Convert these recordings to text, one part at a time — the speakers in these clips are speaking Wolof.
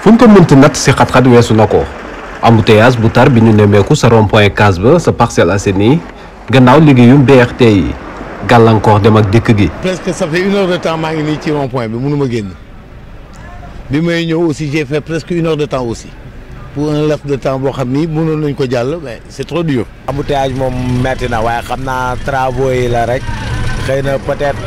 fu ko mënti nat ci xat-xat weesu na ko embouteillage bu tar bi ñu nemmeeku sa rond point case ba sa parcelle Assainies gannaaw liggéeyum BRT yi gàllankoor dem ak dekk gi. presque ça fait une heure de temps maa ngi nii ci rond point bi mënuma génn bi may ñëw aussi j'ai fait presque une heure de temps aussi pour un laps de temps bo xamni ni mënoon nañ ko jall mais c'est trop dur. embouteillage mom metti na waaye xam travaux yi la rek xëy peut-être.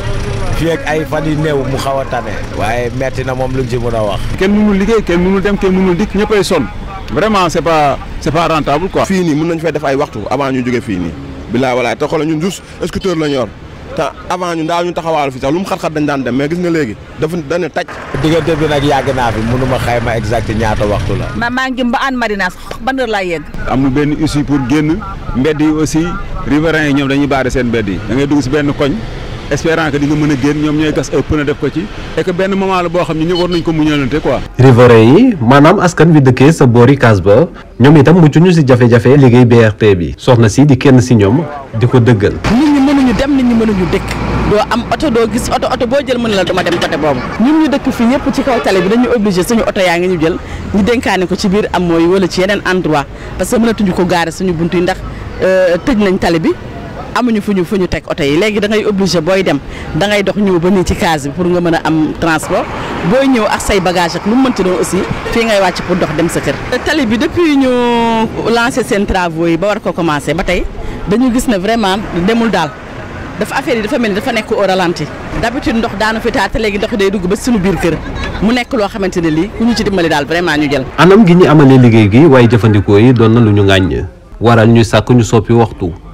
fii ak ay fan yu néew mu xaw a tane waaye metti na moom lu ci mën wax. kenn mënul liggéey kenn mënul dem kenn mënul dikk ñëppay sonn vraiment c'est pas c'est pas rentable quoi. fii nii mën nañu fay def ay waxtu avant ñu jóge fii nii bilaa walaay te xoolal ñun douze scooter la ñu yor te avant ñun daaw ñu taxawaalu fii sax lu mu xat-xat dañ daan dem mais gis nga léegi dafa dañu taj. diggante bi nag yàgg naa fi mënu xayma exact ñaata waxtu la. ma maa ngi ba Hann Marinas ban heure laa yegg. amul benn issue pour génn yi aussi riverains yi ñoom dañuy seen mbedd yi da ngay dugg si benn espérant que di nga mën a génn ñoom ñooy gas ay pneu def ko ci et que benn moment la boo xam ne ñu war nañ ko muñalante quoi. riverains yi maanaam askan wi dëkkee sa boori kaas ba ñoom itam mucc ñu si jafe-jafe liggéey bi soxna si di kenn si ñoom di ko dëggal. nit ñi mënuñu dem nit ñu mënuñu dëkk. doo am oto doo gis oto oto boo jël mën la dama dem côté boobu ñun ñu dëkk fii ñëpp ci kaw tali bi dañu obligé suñu oto yaa ngi ñu jël ñu dénkaane ko ci biir am mooy wala ci yeneen endroit parce que mënatuñu ko gaare suñu bunt yi ndax euh, tëj nañ tali bi amuñu fu ñu fu ñu teg oto yi léegi da ngay obligé booy dem dangay ngay dox ñëw ba nii ci case bi pour nga mën a am transport booy ñëw ak say bagage ak lu mu mënti doon aussi fii ngay wàcc pour dox dem sa kër. tali bi depuis ñu lancé seen travaux yi ba war ko commencé ba tey dañu gis ne vraiment demul daal dafa affaire yi dafa mel ni dafa nekk au ralenti. d'habitude ndox daanu fi taal te léegi ndox day dugg ba suñu biir kër mu nekk loo xamante ne lii ku ñu ci daal vraiment ñu jël. anam gi ñu amalee liggéey gi waaye jëfandikoo yi doon na lu ñu ŋàññ waral ñu sàkk ñu soppi waxtu.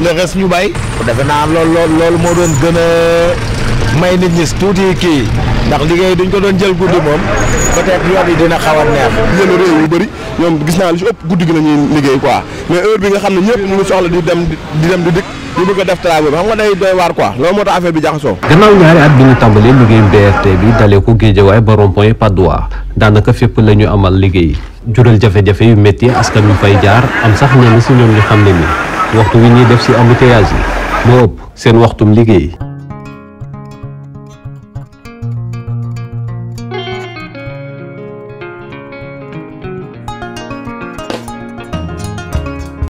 le reste ñu bay defe na loolu loolu loolu mo doon gëna may nit ñi tuuti ki ndax liggéey duñ ko doon jël guddi mom peut être yoon yi dina xaw neex ñu lu réew yu bari ñom gis na lu ci ëpp guddi gi lañuy ñuy liggéey quoi mais heure bi nga xam ñepp ñëpp ñu soxla di dem di dem di dik ñu bëgg a def travaux xam nga day doy war quoi lo moo tax affaire bi jaxasoo gannaaw ñaari at bi ñu tàmbalee liggéeyu BRT bi dalé ko way ba rond point padois daanaka fépp la ñu amal liggéey jural jafé jafé yu metti askan ñu fay jaar am sax ñenn ci ñom ñu xamné ni waxtu wi ñuy def si embouteillage yi moo ëpp seen waxtum liggéey